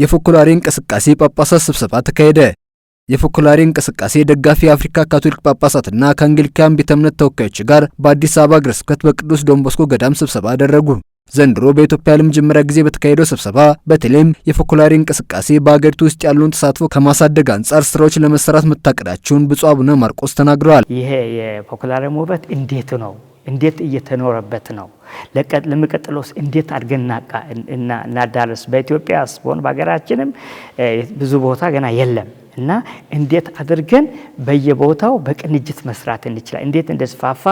የፎኮላሪ እንቅስቃሴ ጳጳሳት ስብሰባ ተካሄደ። የፎኮላሪ እንቅስቃሴ ደጋፊ የአፍሪካ ካቶሊክ ጳጳሳትና ከአንግሊካን ቤተ እምነት ተወካዮች ጋር በአዲስ አበባ ሀገረ ስብከት በቅዱስ ዶንቦስኮ ገዳም ስብሰባ አደረጉ። ዘንድሮ በኢትዮጵያ ለመጀመሪያ ጊዜ በተካሄደው ስብሰባ በተለይም የፎኮላሪ እንቅስቃሴ በአገሪቱ ውስጥ ያለውን ተሳትፎ ከማሳደግ አንጻር ስራዎች ለመሰራት መታቀዳቸውን ብፁዕ አቡነ ማርቆስ ተናግረዋል። ይሄ የፎኮላሪ ውበት እንዴት ነው? እንዴት እየተኖረበት ነው? ለሚቀጥለውስ እንዴት አድርገን እናዳረስ? በኢትዮጵያ ስሆን በሀገራችንም ብዙ ቦታ ገና የለም እና እንዴት አድርገን በየቦታው በቅንጅት መስራት እንችላል? እንዴት እንደስፋፋ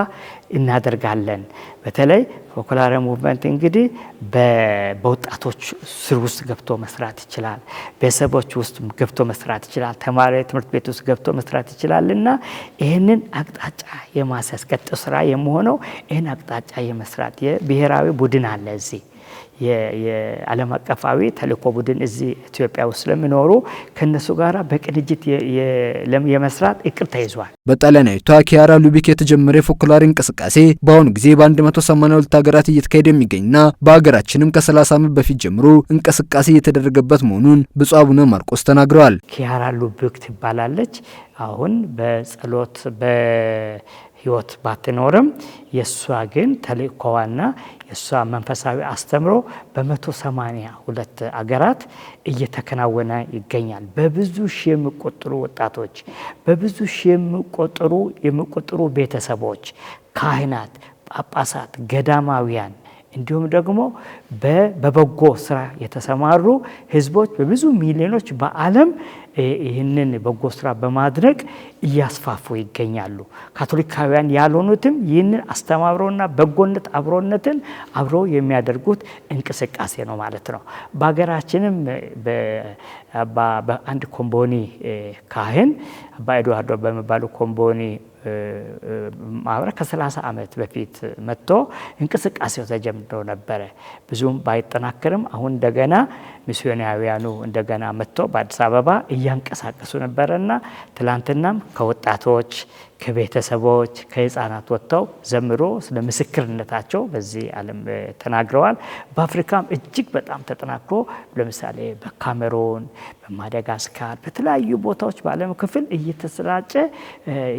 እናደርጋለን? በተለይ ፎኮላረ ሙቭመንት እንግዲህ በወጣቶች ስር ውስጥ ገብቶ መስራት ይችላል፣ ቤተሰቦች ውስጥ ገብቶ መስራት ይችላል፣ ተማሪ ትምህርት ቤት ውስጥ ገብቶ መስራት ይችላል እና ይህንን አቅጣጫ የማስያዝ ቀጥ ስራ የመሆነው ይህን አቅጣጫ የመስራት የብሔራዊ ቡድን አለ እዚህ የዓለም አቀፋዊ ተልእኮ ቡድን እዚህ ኢትዮጵያ ውስጥ ስለሚኖሩ ከእነሱ ጋር በቅንጅት የመስራት እቅድ ተይዟል። በጣሊያናዊቷ ኪያራ ሉቢክ የተጀመረ የፎኩላሪ እንቅስቃሴ በአሁኑ ጊዜ በ182 ሀገራት እየተካሄደ የሚገኝና በሀገራችንም ከ30 ዓመት በፊት ጀምሮ እንቅስቃሴ እየተደረገበት መሆኑን ብፁዕ አቡነ ማርቆስ ተናግረዋል። ኪያራ ሉቢክ ትባላለች። አሁን በጸሎት ህይወት ባትኖርም የእሷ ግን ተልእኮዋና የእሷ መንፈሳዊ አስተምሮ በ ሁለት አገራት እየተከናወነ ይገኛል። በብዙ ሺህ የሚቆጠሩ ወጣቶች፣ በብዙ ሺህ የሚቆጠሩ የሚቆጠሩ ቤተሰቦች፣ ካህናት፣ ጳጳሳት፣ ገዳማውያን እንዲሁም ደግሞ በበጎ ስራ የተሰማሩ ህዝቦች በብዙ ሚሊዮኖች በዓለም ይህንን በጎ ስራ በማድረግ እያስፋፉ ይገኛሉ። ካቶሊካውያን ያልሆኑትም ይህንን አስተማብረውና በጎነት አብሮነትን አብረው የሚያደርጉት እንቅስቃሴ ነው ማለት ነው። በሀገራችንም በአንድ ኮምቦኒ ካህን አባ ኤድዋርዶ በሚባሉ ኮምቦኒ ማህበራት ከ30 ዓመት በፊት መጥቶ እንቅስቃሴው ተጀምሮ ነበረ። ብዙም ባይጠናከርም አሁን እንደገና ሚስዮናውያኑ እንደገና መጥቶ በአዲስ አበባ እያንቀሳቀሱ ነበረና ትላንትናም ከወጣቶች ከቤተሰቦች ከህፃናት ወጥተው ዘምሮ ስለ ምስክርነታቸው በዚህ ዓለም ተናግረዋል። በአፍሪካም እጅግ በጣም ተጠናክሮ ለምሳሌ በካሜሮን በማደጋስካር በተለያዩ ቦታዎች በዓለም ክፍል እየተሰራጨ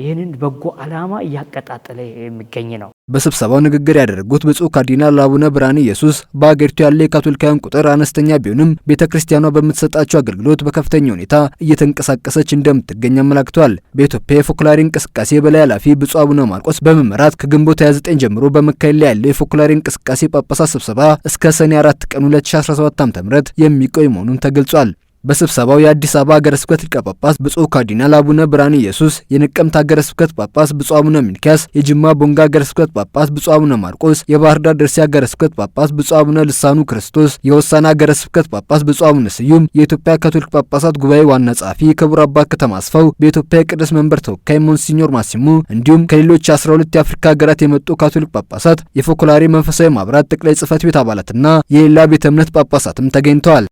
ይህንን በጎ ዓላማ እያቀጣጠለ የሚገኝ ነው። በስብሰባው ንግግር ያደረጉት ብፁዕ ካርዲናል አቡነ ብርሃነ ኢየሱስ በአገሪቱ ያለ የካቶሊካውያን ቁጥር አነስተኛ ቢሆንም ቤተ ክርስቲያኗ በምትሰጣቸው አገልግሎት በከፍተኛ ሁኔታ እየተንቀሳቀሰች እንደምትገኝ አመላክተዋል። በኢትዮጵያ የፎክላሪ እንቅስቃሴ በላይ ኃላፊ ብፁዕ አቡነ ማርቆስ በመመራት ከግንቦት 29 ጀምሮ በመካሄድ ላይ ያለው የፎክላሪ እንቅስቃሴ ጳጳሳት ስብሰባ እስከ ሰኔ 4 ቀን 2017 ዓ.ም የሚቆይ መሆኑን ተገልጿል። በስብሰባው የአዲስ አበባ ሀገረ ስብከት ሊቀ ጳጳስ ብፁዕ ካርዲናል አቡነ ብርሃን ኢየሱስ፣ የነቀምት ሀገረ ስብከት ጳጳስ ብፁዕ አቡነ ሚልኪያስ፣ የጅማ ቦንጋ ሀገረ ስብከት ጳጳስ ብፁዕ አቡነ ማርቆስ፣ የባህር ዳር ደርሲ ሀገረ ስብከት ጳጳስ ብፁዕ አቡነ ልሳኑ ክርስቶስ፣ የወሳና ሀገረ ስብከት ጳጳስ ብፁዕ አቡነ ስዩም፣ የኢትዮጵያ ካቶሊክ ጳጳሳት ጉባኤ ዋና ጸሐፊ ክቡር አባ ከተማ አስፋው፣ በኢትዮጵያ የቅዱስ መንበር ተወካይ ሞንሲኞር ማሲሙ እንዲሁም ከሌሎች 12 የአፍሪካ ሀገራት የመጡ ካቶሊክ ጳጳሳት፣ የፎኮላሪ መንፈሳዊ ማብራት ጠቅላይ ጽፈት ቤት አባላትና የሌላ ቤተ እምነት ጳጳሳትም ተገኝተዋል።